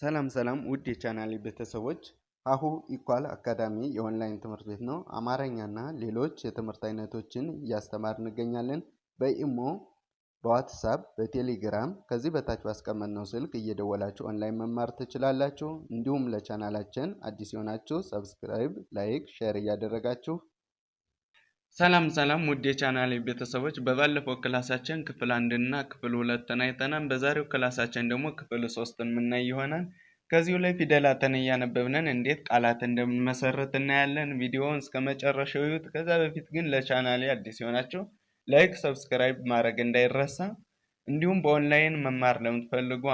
ሰላም ሰላም ውድ የቻናሌ ቤተሰቦች ሀሁ ኢኳል አካዳሚ የኦንላይን ትምህርት ቤት ነው። አማርኛና ሌሎች የትምህርት አይነቶችን እያስተማር እንገኛለን። በኢሞ፣ በዋትሳፕ፣ በቴሌግራም ከዚህ በታች ባስቀመጥነው ስልክ እየደወላችሁ ኦንላይን መማር ትችላላችሁ። እንዲሁም ለቻናላችን አዲስ የሆናችሁ ሰብስክራይብ፣ ላይክ፣ ሼር እያደረጋችሁ ሰላም ሰላም ውድ የቻናሌ ቤተሰቦች በባለፈው ክላሳችን ክፍል አንድና ክፍል ሁለትን አይተናል። በዛሬው ክላሳችን ደግሞ ክፍል ሶስትን የምናይ ይሆናል። ከዚሁ ላይ ፊደላትን እያነበብንን እንዴት ቃላት እንደምንመሰረት እናያለን። ቪዲዮውን እስከ መጨረሻው ይዩት። ከዛ በፊት ግን ለቻናሌ አዲስ ይሆናቸው ላይክ፣ ሰብስክራይብ ማድረግ እንዳይረሳ። እንዲሁም በኦንላይን መማር ለምትፈልጉ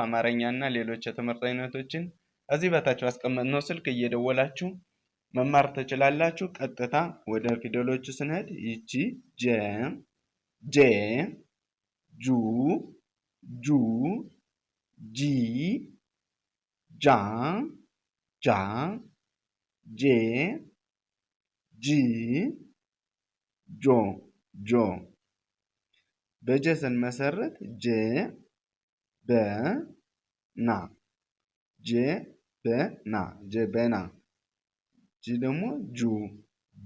እና ሌሎች የትምህርት አይነቶችን እዚህ በታች አስቀመጥነው ስልክ እየደወላችሁ መማር ትችላላችሁ። ቀጥታ ወደ ፊደሎቹ ስንሄድ ይቺ ጄ ጄ ጁ ጁ ጂ ጃ ጃ ጄ ጂ ጆ ጆ በጀ ስንመሰርት ጀ በ ና በና ጄ በና jinamu ju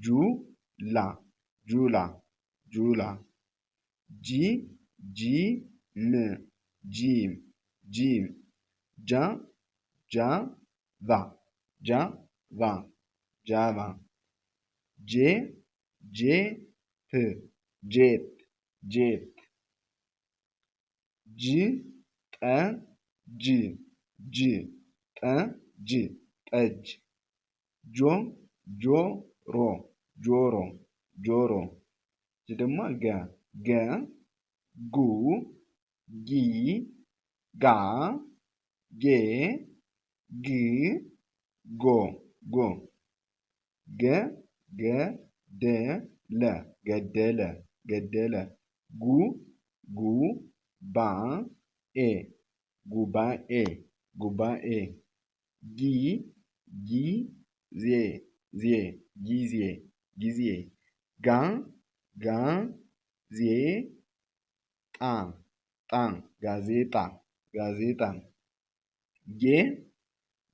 ju la ju la ju la ji ji me JIM, JIM. ja ja va ja va ja va je je jet jet ji ta ji ji ta ji ጆ ጆሮ ጆሮ ጆሮ ደግሞ ገ ገ ጉ ጊ ጋ ጌ ግ ጎ ጎ ገ ገ ደ ለ ገደለ ገደለ ጉ ጉ ባ ኤ ጉባኤ ጉባኤ ጊ ጊ ዜ ዜ ጊዜ ጊዜ ጋ ጋ ዜ ጣ ጣ ጋዜጣ ጋዜጣ ጌ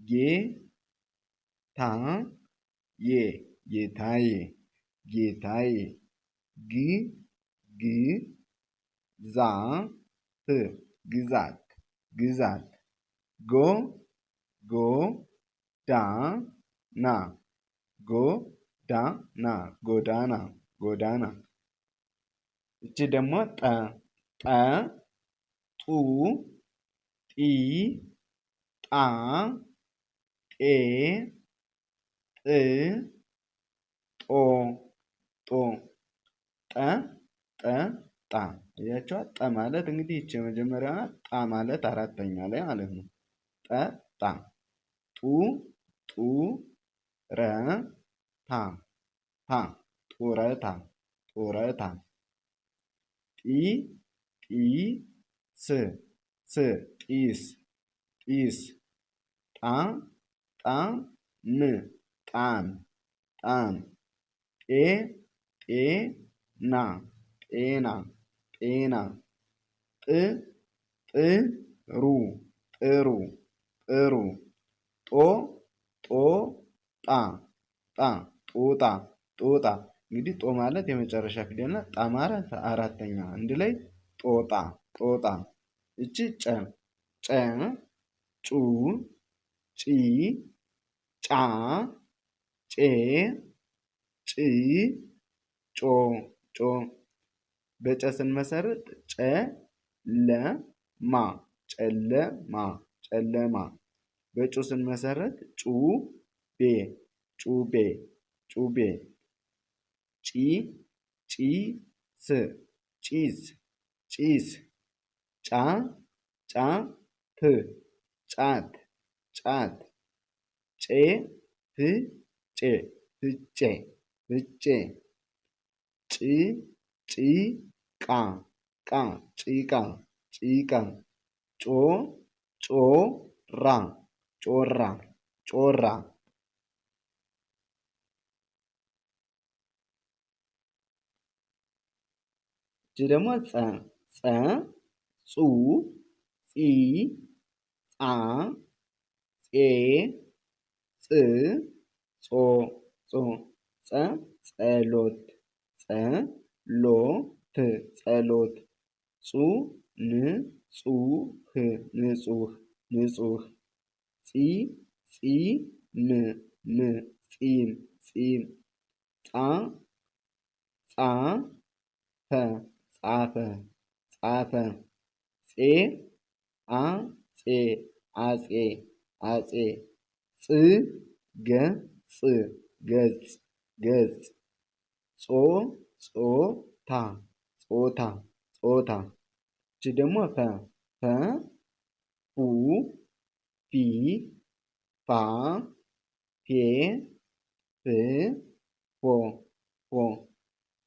ጌ ታ ዬ ጌታዬ ጌታዬ ግ ግ ዛ ት ግዛት ግዛት ጎ ጎ ዳ ና ጎ ዳ ና ጎዳና ጎዳና። እቺ ደግሞ ጠ ጠ ጡ ጢ ጣ ጤ ጥ ጦ ጦ ጠ ጠ ጣ እያቸዋት ጠ ማለት እንግዲህ ይች የመጀመሪያዋ ጣ ማለት አራተኛ ላይ ማለት ነው። ጠ ጣ ጡ ጡ ጡረታ ታ ጡረታ ጡረታ ጢ ጢስ ስ ጢስ ጢስ ጣ ጣም ጣም ጣም ጤ ጤና ጤና ጤና ጥ ጥሩ ጥሩ ጥሩ ጦ ጦ ጣ ጣ ጦጣ ጦጣ እንግዲህ ጦ ማለት የመጨረሻ ፊደል ናት። ጣ ማለት አራተኛ አንድ ላይ ጦጣ ጦጣ። እቺ ጨ ጨ ጩ ጪ ጫ ጬ ጭ ጮ ጮ በጨ ስንመሰርት ጨ ለ ማ ጨለማ ጨለማ በጩ ስንመሰረት ጩ ቤ ጩቤ ጩቤ ጪ ጪስ ጪስ ጪስ ጫ ጫፕ ጫት ጫት ጬ ፍጬ ፍጬ ፍጬ ጭ ጭቃ ቃ ጭቃ ጭቃ ጮ ጮራ ጮራ ጮራ ደግሞ ፀ ፀ ጹ ፂ ጻ ፄ ፅ ጾ ጾ ፀ ጸሎት ፀ ሎ ት ጸሎት ጹ ን ጹ ህ ንጹህ ንጹህ ፂ ጺ ም ም ፂም ጺም ጻ ጻ ፈ ጻፈ ጻፈ ጼ አ ጼ አጼ አጼ ጽ ገ ጽ ገጽ ገጽ ጾ ጾታ ጾታ ጾታ እቺ ደግሞ ፈ ፈ ፉ ፊ ፋ ፌ ፍ ፎ ፎ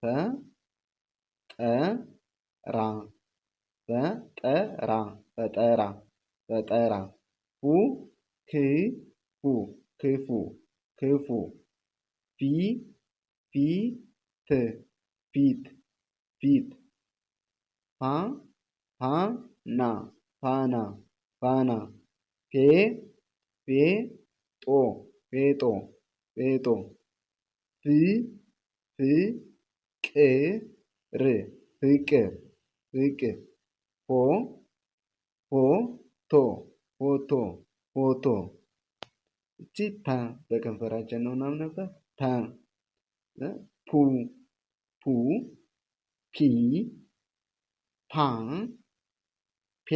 ፈ ፈ ጠራ በጠራ በጠራ ፈጠራ ሁ ክፉ ክፉ ክፉ ፊ ፊት ፊት ፊት ፓ ፓና ፓና ፓና ፔ ፔጦ ፔጦ ፔጦ ፍ ፍቅ ር ፍቅር ፍቅር ሆ ሆ ቶ ሆቶ ሆቶ እቺ ታ በከንፈራችን ነው ምናምን ነበር ታ ፑ ፑ ፒ ፓ ፔ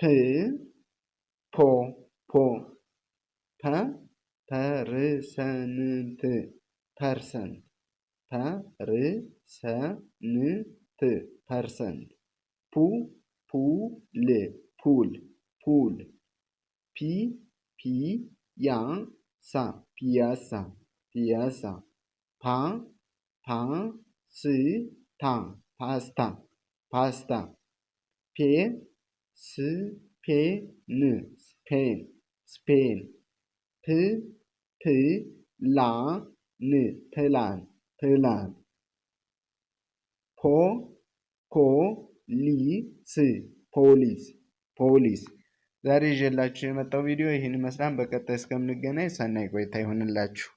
ፕ ፖ ፖ ፐ ፐርሰንት ፐርሰንት Personne. Personne. Pou, le, Poule. Poule. Pi, pi, ya, sa. Piasa. Piasa. Pa, pa, si, ta. Pasta. Pasta. Pe, si, pe, nu Spain. Spain. P, la, ni Pelan. ትላል። ፖ ኮ ሊ ስ ፖሊስ ፖሊስ። ዛሬ ይዤላችሁ የመጣው ቪዲዮ ይህን ይመስላል። በቀጣይ እስከምንገናኝ ሰናይ ቆይታ ይሁንላችሁ።